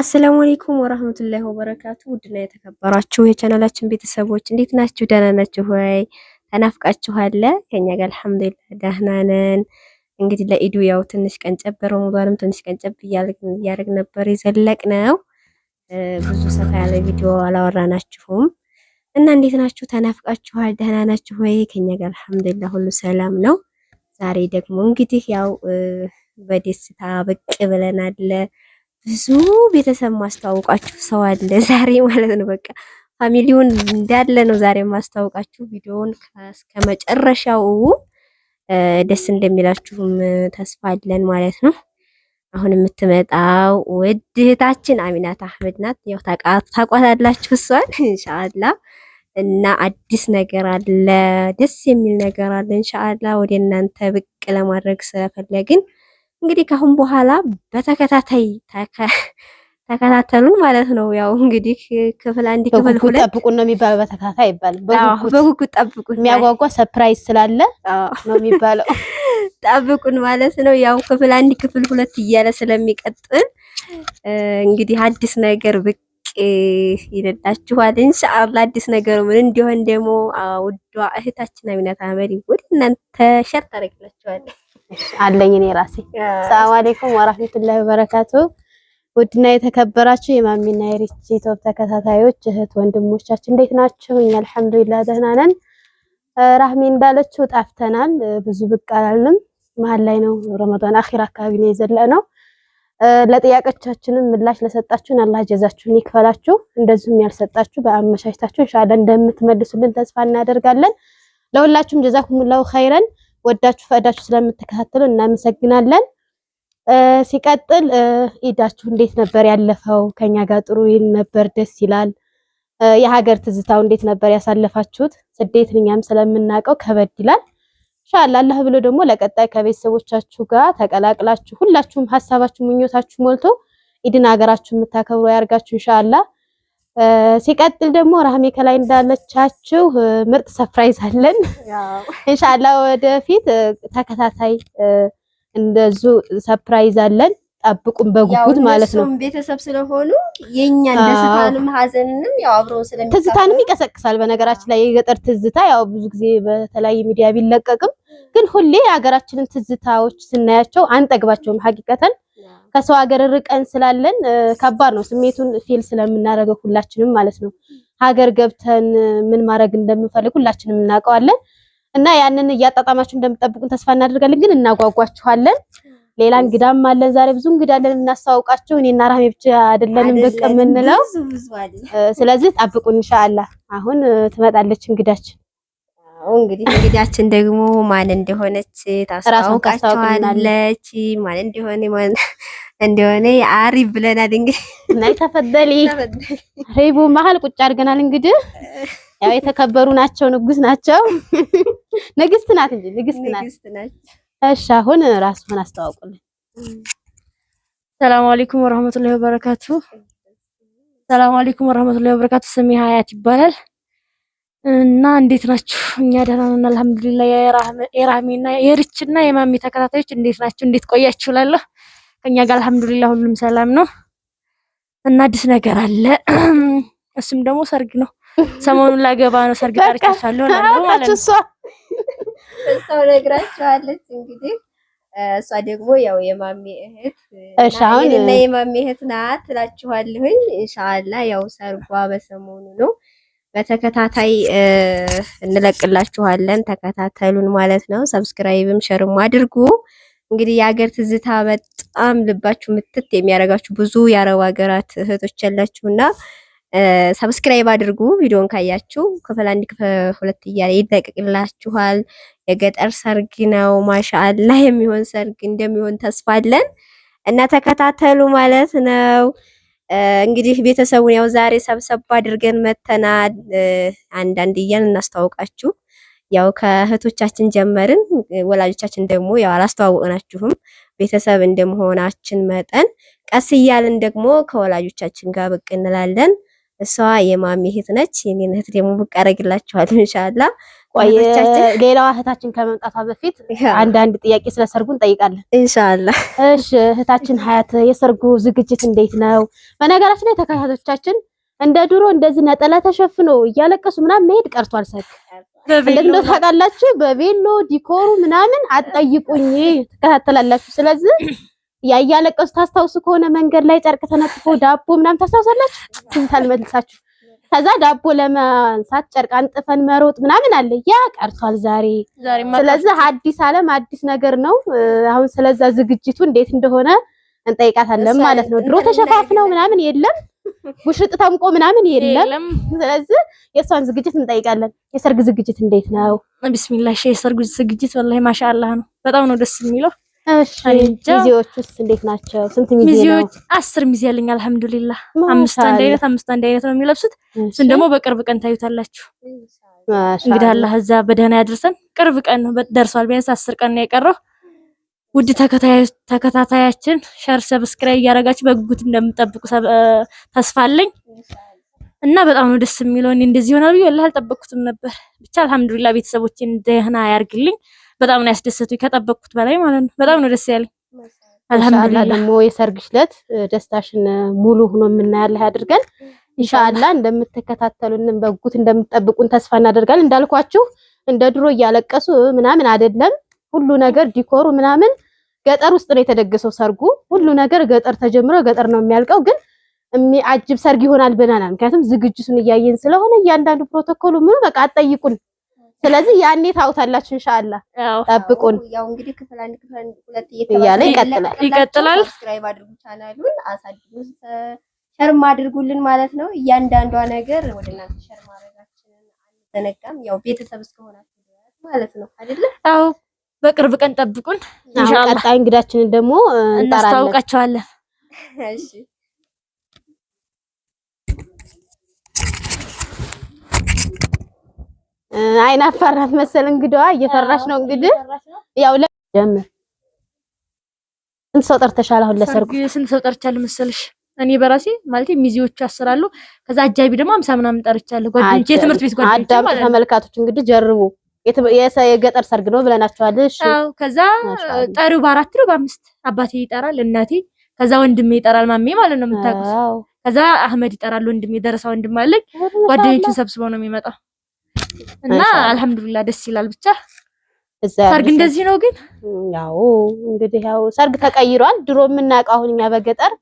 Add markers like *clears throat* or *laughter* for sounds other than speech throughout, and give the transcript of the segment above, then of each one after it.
አሰላሙ አለይኩም ወራህመቱላሂ ወበረካቱ። ውድና የተከበራችሁ የቻናላችን ቤተሰቦች እንዴት ናችሁ? ደህና ናችሁ ወይ? ተናፍቃችኋለ? ከኛ ጋር አልሐምዱሊላህ ደህና ነን። እንግዲህ ለኢዱ ያው ትንሽ ቀን ጨበር ሙባንም ትንሽ ቀን ጨብ እያደረግን ነበር የዘለቅ ነው። ብዙ ሰፋ ያለ ቪዲዮ አላወራናችሁም እና እንዴት ናችሁ? ተናፍቃችኋል? ደህና ናችሁ ወይ? ከኛ ጋር አልሐምዱሊላህ ሁሉ ሰላም ነው። ዛሬ ደግሞ እንግዲህ ያው በደስታ ብቅ ብለን አለ ብዙ ቤተሰብ ማስተዋወቃችሁ ሰው አለ *laughs* ዛሬ ማለት ነው። በቃ ፋሚሊውን እንዳለ ነው ዛሬ ማስተዋወቃችሁ። ቪዲዮውን እስከ መጨረሻው ደስ እንደሚላችሁም ተስፋ አለን ማለት ነው። አሁን የምትመጣው ውድ እህታችን አሚናት አህመድ ናት። ያው ታቋታላችሁ እሷን እንሻአላ *laughs* እና አዲስ ነገር አለ፣ ደስ የሚል ነገር አለ እንሻአላ ወደ እናንተ ብቅ ለማድረግ ስለፈለግን እንግዲህ ካሁን በኋላ በተከታታይ *laughs* ተከታተሉ ማለት ነው። ያው እንግዲህ ክፍል አንድ ክፍል ሁለት ጠብቁን ነው የሚባለው። በተከታታይ አይባልም፣ በጉጉት ጠብቁን። የሚያጓጓ ሰርፕራይዝ ስላለ ነው የሚባለው። *laughs* ጠብቁን ማለት ነው። ያው ክፍል አንድ ክፍል ሁለት እያለ ስለሚቀጥል እንግዲህ አዲስ ነገር ብቅ ይለላችኋል። ኢንሻአላ አዲስ ነገር ምን እንዲሆን ደግሞ ውዷ እህታችን አሚናት አህመድ ወደ እናንተ ሸር ታደርግላችኋለች። አለኝ እኔ ራሴ። ሰላም አለይኩም ወራህመቱላሂ ወበረካቱ። ውድና የተከበራችሁ የማሚና የሪች ኢትዮፕ ተከታታዮች እህት ወንድሞቻችን እንዴት ናችሁ? እኛ አልሐምዱሊላህ ደህና ነን። ራህሜ እንዳለችው ጣፍተናል፣ ብዙ ብቅ አላልንም። መሀል ላይ ነው ረመዳን አኺር አካባቢ ነው የዘለነው። ለጥያቄዎቻችንም ምላሽ ለሰጣችሁን አላህ ጀዛችሁን ይክፈላችሁ። እንደዚሁም ያልሰጣችሁ በአመቻችታችሁ ኢንሻአላህ እንደምትመልሱልን ተስፋ እናደርጋለን። ለሁላችሁም ጀዛኩሙላሁ ኸይረን ወዳችሁ ፈቅዳችሁ ስለምትከታተሉ እናመሰግናለን። ሲቀጥል ኢዳችሁ እንዴት ነበር ያለፈው? ከኛ ጋር ጥሩ ይል ነበር፣ ደስ ይላል። የሀገር ትዝታው እንዴት ነበር ያሳለፋችሁት? ስደት እኛም ስለምናውቀው ከበድ ይላል። ኢንሻአላህ አላህ ብሎ ደግሞ ለቀጣይ ከቤተሰቦቻችሁ ጋር ተቀላቅላችሁ ሁላችሁም ሀሳባችሁ ምኞታችሁ ሞልቶ ኢድን ሀገራችሁ የምታከብሩ ያርጋችሁ ኢንሻአላህ። ሲቀጥል ደግሞ ራህሜ ከላይ እንዳለቻችሁ ምርጥ ሰፕራይዝ አለን። *laughs* ኢንሻአላ ወደፊት ተከታታይ እንደዙ ሰፕራይዝ አለን። ጠብቁን በጉጉት ማለት ነው። ቤተሰብ ስለሆኑ የኛ ደስታንም ሀዘንንም ያው አብሮ ስለሚቀጥሉ ትዝታንም ይቀሰቅሳል። በነገራችን ላይ የገጠር ትዝታ ያው ብዙ ጊዜ በተለያየ ሚዲያ ቢለቀቅም ግን ሁሌ የሀገራችንን ትዝታዎች ስናያቸው አንጠግባቸውም ሀቂቀተን ከሰው ሀገር ርቀን ስላለን ከባድ ነው። ስሜቱን ፊል ስለምናደርገው ሁላችንም ማለት ነው። ሀገር ገብተን ምን ማድረግ እንደምንፈልግ ሁላችንም እናውቀዋለን እና ያንን እያጣጣማችሁ እንደምጠብቁን ተስፋ እናደርጋለን። ግን እናጓጓችኋለን። ሌላ እንግዳም አለን። ዛሬ ብዙ እንግዳ አለን እናስተዋውቃችሁ። እኔና ራሜ ብቻ አይደለንም ብቅ የምንለው። ስለዚህ ጠብቁን ኢንሻአላህ። አሁን ትመጣለች እንግዳችን። አዎ እንግዲህ እንግዳችን ደግሞ ማን እንደሆነች ታስተዋውቃችኋለች። ማን እንደሆነ እንደሆነ አሪፍ ብለናል። እንግዲህ ናይ ተፈደሊ ሪቡ መሀል ቁጭ አድርገናል። እንግዲህ ያው የተከበሩ ናቸው፣ ንጉስ ናቸው። ንግስት ናት እንጂ ንግስት ናት። እሺ አሁን ራስህን አስተዋውቁልን። ሰላም አለይኩም ወራህመቱላሂ ወበረካቱ። ሰላም አለይኩም ወራህመቱላሂ ወበረካቱ። ስሜ ሀያት ይባላል እና እንዴት ናችሁ? እኛ ደህና ነን አልሐምዱሊላህ። የራህሜና የርችና የማሚ ተከታታዮች እንዴት ናችሁ? እንዴት ቆያችሁ? ላለሁ ከኛ ጋር አልሐምዱሊላ ሁሉም ሰላም ነው እና አዲስ ነገር አለ። *clears throat* እሱም ደግሞ ሰርግ ነው። ሰሞኑን ላገባ ነው። ሰርግ ጠርቻለሁ ነው ማለት ነው። እሷ ነግራችኋለች እንግዲህ እሷ ደግሞ ያው የማሜ እህት እሻውን እና የማሚ እህት ናት እላችኋለሁኝ። ኢንሻአላህ ያው ሰርጓ በሰሞኑ ነው። በተከታታይ እንለቅላችኋለን። ተከታተሉን ማለት ነው። ሰብስክራይብም ሸርም አድርጉ። እንግዲህ የሀገር ትዝታ በጣም ልባችሁ ምትት የሚያደርጋችሁ ብዙ የአረብ ሀገራት እህቶች ያላችሁ እና ሰብስክራይብ አድርጉ። ቪዲዮን ካያችሁ ክፍል አንድ ክፍል ሁለት እያለ ይለቀቅላችኋል። የገጠር ሰርግ ነው። ማሻአላ የሚሆን ሰርግ እንደሚሆን ተስፋ አለን እና ተከታተሉ ማለት ነው። እንግዲህ ቤተሰቡን ያው ዛሬ ሰብሰብ አድርገን መተናል። አንዳንድ እያን እናስተዋውቃችሁ ያው ከእህቶቻችን ጀመርን። ወላጆቻችን ደግሞ ያው አላስተዋወቅናችሁም። ቤተሰብ እንደመሆናችን መጠን ቀስ እያልን ደግሞ ከወላጆቻችን ጋር ብቅ እንላለን። እሷ የማሚ እህት ነች። የኔን እህት ደግሞ ብቅ አደርግላችኋለሁ እንሻላ። ሌላዋ እህታችን ከመምጣቷ በፊት አንዳንድ ጥያቄ ስለ ሰርጉ እንጠይቃለን እንሻላ። እሺ እህታችን ሀያት የሰርጉ ዝግጅት እንዴት ነው? በነገራችን ላይ ተከታታዮቻችን እንደ ድሮ እንደዚህ ነጠላ ተሸፍኖ እያለቀሱ ምናምን መሄድ ቀርቷል ሰርግ እንዴት ታውቃላችሁ፣ በቬሎ ዲኮሩ ምናምን አጠይቁኝ ትከታተላላችሁ። ስለዚህ ያ እያለቀሱ ታስታውሱ ከሆነ መንገድ ላይ ጨርቅ ተነጥፎ ዳቦ ምናምን ታስታውሳላችሁ። ትዝ መልሳችሁ። ከዛ ዳቦ ለማንሳት ጨርቅ አንጥፈን መሮጥ ምናምን አለ። ያ ቀርቷል ዛሬ። ስለዚህ አዲስ ዓለም አዲስ ነገር ነው። አሁን ስለዛ ዝግጅቱ እንዴት እንደሆነ እንጠይቃታለን ማለት ነው። ድሮ ተሸፋፍነው ምናምን የለም ውሽጥ ታምቆ ምናምን የለም። ስለዚህ የእሷን ዝግጅት እንጠይቃለን። የሰርግ ዝግጅት እንዴት ነው? ቢስሚላህ ሼህ የሰርጉ ዝግጅት ወላሂ ማሻአላህ ነው። በጣም ነው ደስ የሚለው። እሺ ሚዜዎቹስ እንዴት ናቸው? ስንት ሚዜ ነው? አስር ሚዜ ያለኝ አልሐምዱሊላህ። አምስት አንድ አይነት አምስት አንድ አይነት ነው የሚለብሱት። እሱን ደግሞ በቅርብ ቀን ታዩታላችሁ። እንግዲህ አላህ እዛ በደህና ያድርሰን። ቅርብ ቀን ነው ደርሷል። ቢያንስ አስር ቀን ነው የቀረው። ውድ ተከታታያችን ሸር ሰብስክራይብ እያደረጋችሁ በጉጉት እንደምጠብቁ ተስፋ አለኝ እና በጣም ነው ደስ የሚለው። እኔ እንደዚህ ይሆናል ብዬ ወላሂ አልጠበቅኩትም ነበር። ብቻ አልሐምዱሊላ ቤተሰቦቼን ደህና ያርግልኝ። በጣም ነው ያስደሰቱኝ ከጠበቅኩት በላይ ማለት ነው። በጣም ነው ደስ ያለኝ። አልሐምዱሊላ ደግሞ የሰርግሽ ዕለት ደስታሽን ሙሉ ሆኖ የምናያለህ ያድርገን ኢንሻአላህ እንደምትከታተሉንም በጉጉት እንደምትጠብቁን ተስፋ እናደርጋለን። እንዳልኳችሁ እንደ ድሮ እያለቀሱ ምናምን አይደለም ሁሉ ነገር ዲኮሩ ምናምን ገጠር ውስጥ ነው የተደገሰው ሰርጉ። ሁሉ ነገር ገጠር ተጀምሮ ገጠር ነው የሚያልቀው። ግን የሚያጅብ ሰርግ ይሆናል ብለናል። ምክንያቱም ዝግጅቱን እያየን ስለሆነ እያንዳንዱ ፕሮቶኮሉ ምኑ በቃ አጠይቁን። ስለዚህ ያኔ ታውታላችሁ። ኢንሻአላ ጠብቁን። ያው እንግዲህ ክፍል አንድ ክፍል ሁለት እየተባለ ይቀጥላል ይቀጥላል። ሰብስክራይብ አድርጉ፣ ቻናሉን አሳድጉ፣ ሸርም አድርጉልን ማለት ነው። እያንዳንዷ ነገር ወደ እናንተ ሸርም ማድረጋችንን አንዘነጋም። ያው ቤተሰብ እስከሆናችሁ ማለት ነው አይደለ? አዎ በቅርብ ቀን ጠብቁን። ኢንሻአላህ ቀጣይ እንግዳችንን ደግሞ *laughs* እናስተዋውቃቸዋለን። እሺ አይን አፈራት መሰል እንግዳዋ እየፈራሽ ነው። እንግዲህ ያው ለጀምር ስንት ሰው ጠርተሻል? አሁን ለሰርጉ ስንት ሰው ጠርቻለሁ መሰልሽ? እኔ በራሴ ማለት ሚዜዎቹ ያሰራሉ። ከዛ አጃቢ ደግሞ አምሳ ምናምን ጠርቻለሁ። ጓደኞቼ የትምህርት ቤት ጓደኞቼ ማለት ተመልካቶች እንግዲህ ጀርቡ የገጠር ሰርግ ነው ብለናቸዋል። እሺ። ከዛ ጠሪው በአራት ነው በአምስት አባቴ ይጠራል፣ እናቴ ከዛ ወንድሜ ይጠራል፣ ማሜ ማለት ነው የምታውቁት። ከዛ አህመድ ይጠራል፣ ወንድሜ ደረሳ፣ ወንድም አለኝ። ጓደኞቹ ሰብስቦ ነው የሚመጣው እና አልሐምዱሊላህ ደስ ይላል ብቻ ሰርግ እንደዚህ ነው። ግን ያው እንግዲህ ያው ሰርግ ተቀይሯል። ድሮ የምናውቀው አሁን እኛ በገጠር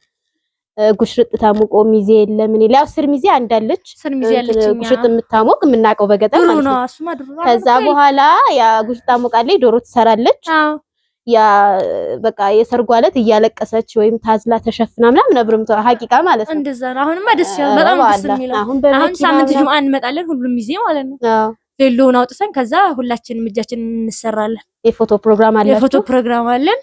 ጉሽርጥ ታሙቆ ሚዜ የለምን ይል ያው ስር ሚዜ አንዳለች ጉሽርጥ የምታሞቅ የምናውቀው በገጠር ማለት ነው። ከዛ በኋላ ያ ጉሽርጥ ታሞቃለች፣ ዶሮ ትሰራለች። ያ በቃ የሰርጉ ዕለት እያለቀሰች ወይም ታዝላ ተሸፍና ምናምን ነብርም አብርምቶ ሀቂቃ ማለት ነው። እንደዛ ነው። አሁንማ ደስ ይላል በጣም ደስ የሚለው አሁን ሳምንት ጁምአ እንመጣለን ሁሉም ሚዜ ማለት ነው። ሌሎውን አውጥተን ከዛ ሁላችንም እጃችን እንሰራለን። የፎቶ ፕሮግራም አለ የፎቶ ፕሮግራም አለን።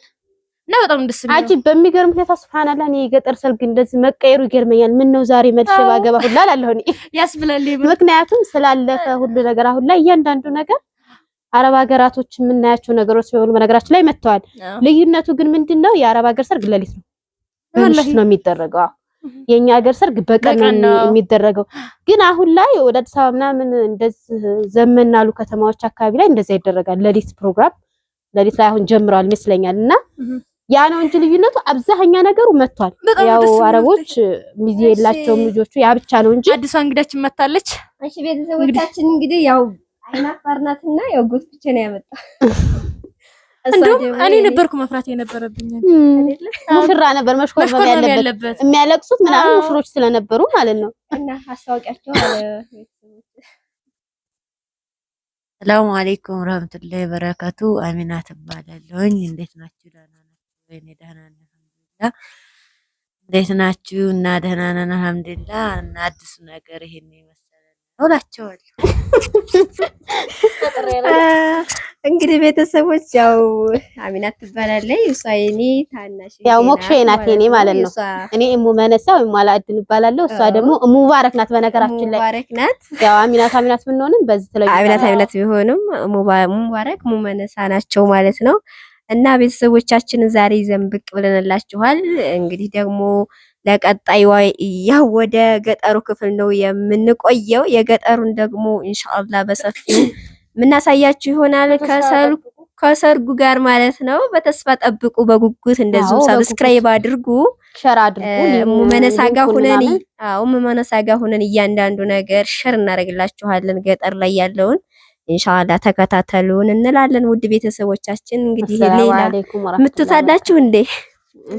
እና በጣም ደስ ይላል። አጂ በሚገርም ሁኔታ ሱብሃንአላህ እኔ የገጠር ሰርግ እንደዚህ መቀየሩ ይገርመኛል። ምን ነው ዛሬ መድሽ ባገባ ሁላ አላለሁ እኔ ያስብላል። ምክንያቱም ስላለፈ ሁሉ ነገር አሁን ላይ እያንዳንዱ ነገር አረብ ሀገራቶች የምናያቸው ነገሮች ሲሆኑ በነገራችን ላይ መጥተዋል። ልዩነቱ ግን ምንድነው? የአረብ ሀገር ሰርግ ሌሊት ነው ምንሽ ነው የሚደረገው። የኛ ሀገር ሰርግ በቀን ነው የሚደረገው። ግን አሁን ላይ ወደ አዲስ አበባ ምናምን እንደዚህ ዘመናሉ ከተማዎች አካባቢ ላይ እንደዛ ይደረጋል። ሌሊት ፕሮግራም ሌሊት ላይ አሁን ጀምረዋል ይመስለኛል እና ያ ነው እንጂ ልዩነቱ አብዛኛ ነገሩ መጥቷል። ያው አረቦች ሚዜ የላቸውም ልጆቹ፣ ያ ብቻ ነው እንጂ አዲሷ እንግዳችን መታለች። እሺ ቤተሰቦቻችን እንግዲህ ያው አይናፋርናትና ያው ያው ብቻ ነው ያመጣ። *laughs* እንደውም እኔ ነበርኩ መፍራት የነበረብኝ ሙሽራ ነበር መሽኮር ያለበት የሚያለቅሱት ምናምን ሙሽሮች ስለነበሩ ማለት ነው። እና አስታወቂያቸው ሰላም አለይኩም ረህመቱላሂ ወበረካቱ። አሚና ትባላለሁኝ። እንዴት ናችሁ? ደህና ወይኔ ደህና ነን አልሐምዱሊላ። እንዴት ናችሁ? እና ደህና ነን አልሐምዱሊላ። እና አዲሱ ነገር ይሄን ይመስላል ነው እላቸዋለሁ። እንግዲህ ቤተሰቦች ያው አሚና ትባላለች። እሷ የኔ ታናሽ ያው ሞክሼ ናት የኔ ማለት ነው። እኔ እሙ መነሳ ወይም አላድን እባላለሁ። እሷ ደግሞ እሙ ባረክ ናት። በነገራችን ላይ ባረክ ናት። ያው አሚናት አሚናት ብንሆንም በዚህ ተለይ አሚናት አሚናት ቢሆንም እሙ ባረክ እሙ መነሳ ናቸው ማለት ነው። እና ቤተሰቦቻችንን ዛሬ ይዘን ብቅ ብለንላችኋል። እንግዲህ ደግሞ ለቀጣይ ያው ወደ ገጠሩ ክፍል ነው የምንቆየው። የገጠሩን ደግሞ ኢንሻአላህ በሰፊው የምናሳያችሁ ይሆናል ከሰርጉ ጋር ማለት ነው። በተስፋ ጠብቁ፣ በጉጉት እንደዚሁ ሰብስክራይብ አድርጉ፣ ሸር አድርጉ። ሙመነሳጋ ሁነን አዎ ሙመነሳጋ ሁነን እያንዳንዱ ነገር ሸር እናደርግላችኋለን ገጠር ላይ ያለውን ኢንሻአላ ተከታተሉን እንላለን። ውድ ቤተሰቦቻችን እንግዲህ ሌላ ምትታላችሁ እንዴ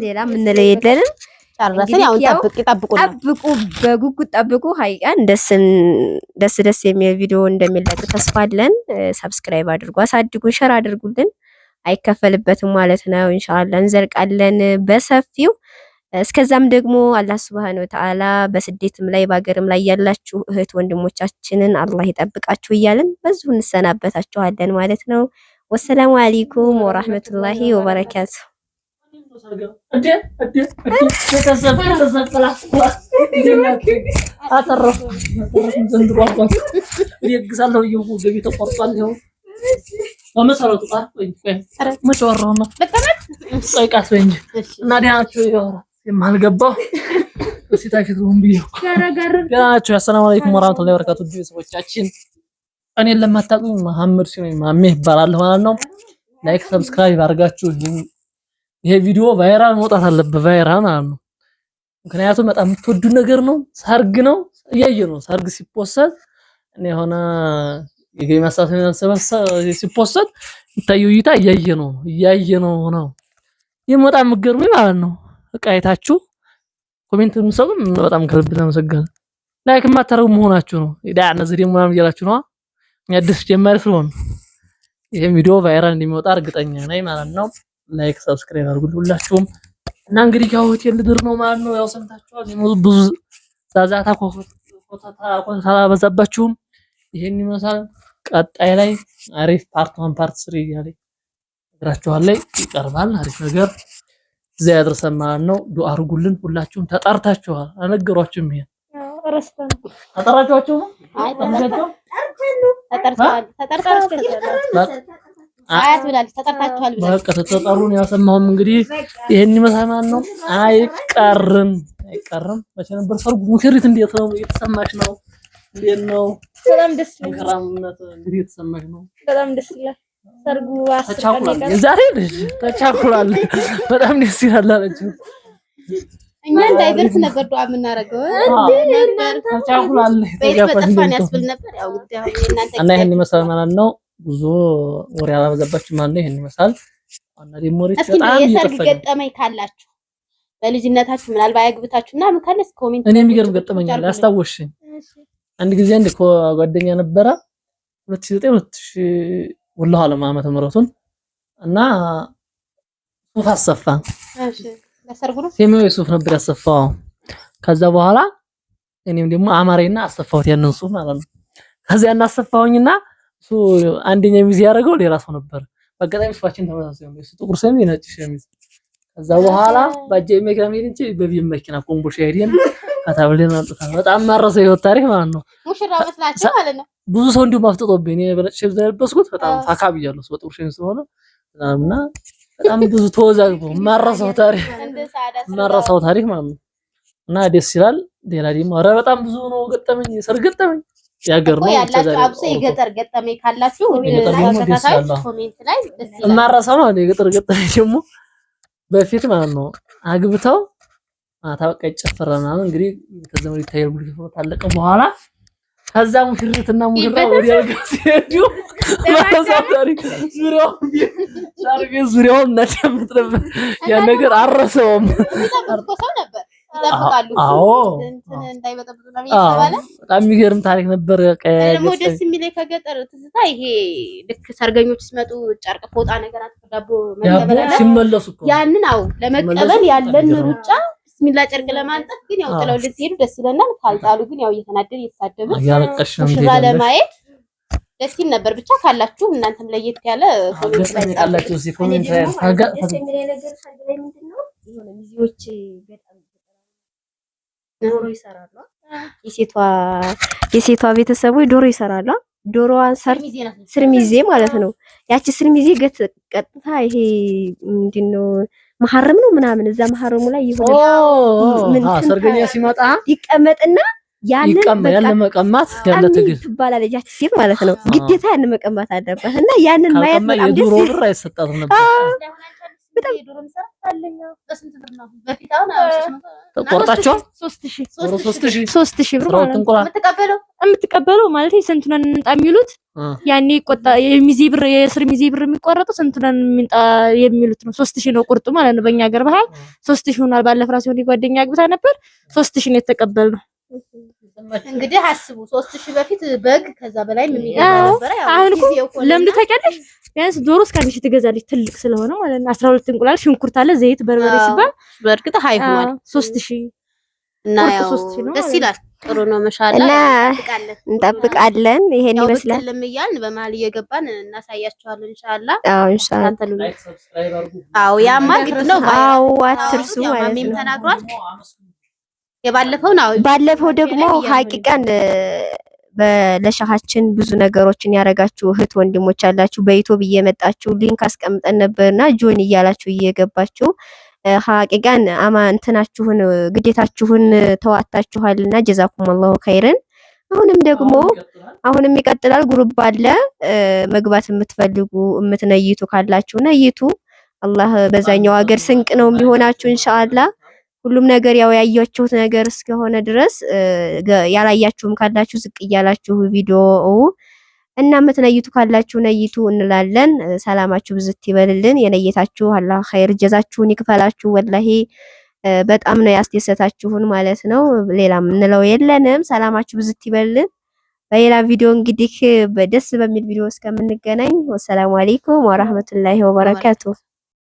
ሌላ ምንለው የለንም። ጨረስን። ያው ጠብቁ ጠብቁ ጠብቁ በጉጉት ጠብቁ። ሀይቃን ደስ ደስ የሚል ቪዲዮ እንደሚለቅ ተስፋ አለን። ሰብስክራይብ አድርጉ፣ አሳድጉን፣ ሸር አድርጉልን። አይከፈልበትም ማለት ነው። ኢንሻአላ እንዘልቃለን በሰፊው እስከዛም ደግሞ አላህ ሱብሃነ ወተዓላ በስደትም ላይ በሀገርም ላይ ያላችሁ እህት ወንድሞቻችንን አላህ ይጠብቃችሁ እያልን በዚሁ እንሰናበታችኋለን ማለት ነው። ወሰላሙ አለይኩም ወራህመቱላሂ ወበረካቱ። በመሰረቱ ቃል ወይ ወይ መቼ ወራሁና እና ደህና ናችሁ? የማልገባው ሲታፊት ሆን ብዬ ናቸው። አሰላሙ አለይኩም ወራህመቱላሂ ወበረካቱ ቤተሰቦቻችን፣ እኔን ለማታውቁ መሐመድ ሲሆን ማሜ ይባላለሁ ማለት ነው። ላይክ ሰብስክራይብ አድርጋችሁ ይሄ ቪዲዮ ቫይራል መውጣት አለበት፣ ቫይራል ማለት ነው። ምክንያቱም በጣም የምትወዱ ነገር ነው። ሰርግ ነው፣ እያየ ነው። ሰርግ ሲፖሰት እኔ የሆነ የገቢ ማሳሰቢያ ሲፖሰት የሚታየው እይታ እያየ ነው፣ እያየ ነው ነው የመጣ የምትገርሙኝ ማለት ነው። በቃ አይታችሁ ኮሜንት የምትሰጡ በጣም ከልብ ተመሰገን። ላይክ የማታደርጉ መሆናችሁ ነው። ዳ እነዚህ ደግሞ ምናምን እያላችሁ ነዋ። እኛ አዲስ ጀማሪ ስለሆን ይሄ ቪዲዮ ቫይራል እንደሚወጣ እርግጠኛ ነኝ ማለት ነው። ላይክ ሰብስክራይብ አድርጉ ሁላችሁም። እና እንግዲህ ያው ሆቴል ድር ነው ማለት ነው። ያው ሰምታችኋል። ብዙ ዛዛታ ኮተታ ኮተታ በዛባችሁም ይሄን ይመስላል። ቀጣይ ላይ አሪፍ ፓርት ዋን ፓርት ስሪ እያለኝ እግራችኋል ላይ ይቀርባል አሪፍ ነገር እዚያ ያደርሰን ማለት ነው። ዱአ አድርጉልን። ሁላችሁም ተጣርታችኋል። አነገሯችሁም ይሄን ተጠራችኋቸው ነው ተጠሩን። ያሰማሁም እንግዲህ ይሄን ይመስላል ማለት ነው። አይቀርም አይቀርም። መቼ ነበር ሰርጉ? ሙሽሪት እንዴት ነው የተሰማሽ ነው? እንዴት ነው? ደስ ይላል። እንግዲህ የተሰማሽ ነው። ደስ ይላል። ሰርጉ የዛሬ ልጅ በጣም ደስ ይላል አለችው። እኛ እንዳይደርስ ነበር ዱዓ የምናደርገው እና ይመስላል ማለት ነው። ብዙ ወሬ አላበዛባችሁም ማለት ነው። ይመስላል። ደግሞ የሰርግ ገጠመኝ ካላችሁ በልጅነታችሁ ምናልባት ያግብታችሁ ኮሜንት። እኔ የሚገርም አስታወስሽኝ። አንድ ጊዜ አንድ ጓደኛ ነበረ ወላሁ አለም ዓመተ ምህረቱን እና ሱፍ አሰፋ። ሰማያዊ ሱፍ ነበር ያሰፋው። ከዛ በኋላ እኔም ደግሞ አማሬና አሰፋሁት ያንን ሱፍ ማለት ነው። ከዚያ እናሰፋሁኝና እሱ አንደኛ ሚዜ ያደረገው ሌላ ሰው ነበር። በአጋጣሚ ሱፋችን ተመሳሳይ ነው። እሱ ጥቁር ሰሚ ነጭ ሸሚዝ። ከዛ በኋላ ባጃጅ መኪና ሄድ እንጂ በብይ መኪና ኮምቦልቻ ሄድን። አታብለን በጣም ማረሰ ይወት ታሪክ ማለት ነው። ሙሽራ መስላችሁ ማለት ነው ብዙ ሰው እንዲሁም አፍጥጦብኝ እኔ በነጭ ሸሚዝ የለበስኩት በጣም ታካ ብያለሁ። በጥቁር ሸሚዝ ስለሆነ እና በጣም ብዙ ተወዛግቦ ማራሳው ታሪክ ማራሳው ታሪክ ማለት ነው። እና ደስ ይላል። ሌላ ደግሞ ኧረ በጣም ብዙ ነው ገጠመኝ፣ ሰርግ ገጠመኝ ያገር ነው ያላችሁ አብሶ የገጠር ገጠመኝ ካላችሁ ኮሜንት ላይ ደስ ማራሳው ነው። የገጠር ገጠመኝ ደግሞ በፊት ማለት ነው አግብተው ማታ በቃ ይጨፈራል ምናምን እንግዲህ ከዘመድ ይታያል ጉድ ታለቀ በኋላ ከዛ ሙሽርትና ሙሽራ ወዲያ ጋር ሲሄዱ ማሳታሪ ዙሪያውን ዙሪያውን ዙሪያው ነበር። ያ ነገር አረሰውም አዎ በጣም የሚገርም ታሪክ ነበር። ደግሞ ደስ የሚለኝ ከገጠር ትዝታ ይሄ ልክ ሰርገኞች ሲመጡ ጨርቅ ፎጣ ነገር አጥፎ ዳቦ ሲመለሱ ያንን አው ለመቀበል ያለን ሩጫ ሚላ ጨርቅ ለማንጠፍ ግን ያው ጥለው ልትሄዱ ደስ ይለናል። ካልጣሉ ግን ያው እየተናደድ እየተሳደበ ሽራ ለማየት ደስ ይል ነበር። ብቻ ካላችሁ እናንተም ለየት ያለ ኮሜንት ላይ ዶሮ ይሰራሉ። የሴቷ ቤተሰቦች ዶሮ ይሰራሉ። ዶሮዋን ስርሚዜ ማለት ነው። ያቺ ስርሚዜ ገት ቀጥታ ይሄ ምንድን ነው መሐረም ነው ምናምን እዛ መሐረሙ ላይ ይሆነ ሰርገኛ ሲመጣ ይቀመጥና ያንን መቀማት ትባላለች ሴት ማለት ነው። ግዴታ ያንን መቀማት አለበት እና ያንን ማየት በጣም ደስ ይላል። ሶስት ሺህ የምትቀበለው ማለት ስንቱነን እንጣ የሚሉት ያኔ ቆጣ የሚዜ ብር ሚዜ ብር የሚቆረጡ ስንቱነን የሚንጣ የሚሉት ነው። ሶስት ሺህ ነው ቁርጡ ማለት ነው። በእኛ ሀገር ባህል ሶስት ሺህ ሆኗል። ባለፈው ራሱ የሆነ ጓደኛ አግብታ ነበር። ሶስት ሺህ ነው እንግዲህ አስቡ ሶስት ሺህ በፊት በግ ከዛ በላይ የሚገባ ነበር። አሁን እኮ ለምንድን ታውቂያለሽ? ቢያንስ ዶሮ እስከ አንድ ሺህ ትገዛለች ትልቅ ስለሆነ ማለት ነው። አስራ ሁለት እንቁላል፣ ሽንኩርት አለ፣ ዘይት፣ በርበሬ ሲባል በእርግጥ ሀይ ሆኗል። ሶስት ሺህ እና ያው ደስ ይላል። ጥሩ ነው። መሻላ እና እንጠብቃለን። ይሄን ይመስላል። እያልን በመሀል እየገባን እናሳያቸዋለን። ኢንሻአላ አዎ፣ ኢንሻአላ አዎ፣ ያማ ግድ ነው። አዎ፣ አትርሱ ማለት ነው። ተናግሯል የባለፈው ባለፈው ደግሞ ሀቂቃን ለሸሃችን ብዙ ነገሮችን ያደረጋችሁ እህት ወንድሞች አላችሁ። በኢትዮ እየመጣችሁ ሊንክ አስቀምጠን ነበርና ጆን እያላችሁ እየገባችሁ ሀቂቃን አማ እንትናችሁን ግዴታችሁን ተዋጣችኋልና ጀዛኩም አላሁ ኸይረን። አሁንም ደግሞ አሁንም ይቀጥላል። ግሩፕ አለ መግባት የምትፈልጉ የምትነይቱ ካላችሁ ነይቱ። አላህ በዛኛው ሀገር ስንቅ ነው የሚሆናችሁ ኢንሻአላህ። ሁሉም ነገር ያው ያያችሁት ነገር እስከሆነ ድረስ ያላያችሁም ካላችሁ ዝቅ እያላችሁ ቪዲዮው እና የምትነይቱ ካላችሁ ነይቱ እንላለን። ሰላማችሁ ብዝት ይበልልን። የነየታችሁ አላህ ኸይር ጀዛችሁን ይክፈላችሁ። ወላሂ በጣም ነው ያስደሰታችሁን ማለት ነው። ሌላ ምንለው የለንም። ሰላማችሁ ብዝት ይበልልን። በሌላ ቪዲዮ እንግዲህ በደስ በሚል ቪዲዮ እስከምንገናኝ ወሰላሙ አለይኩም ወራህመቱላሂ ወበረካቱ።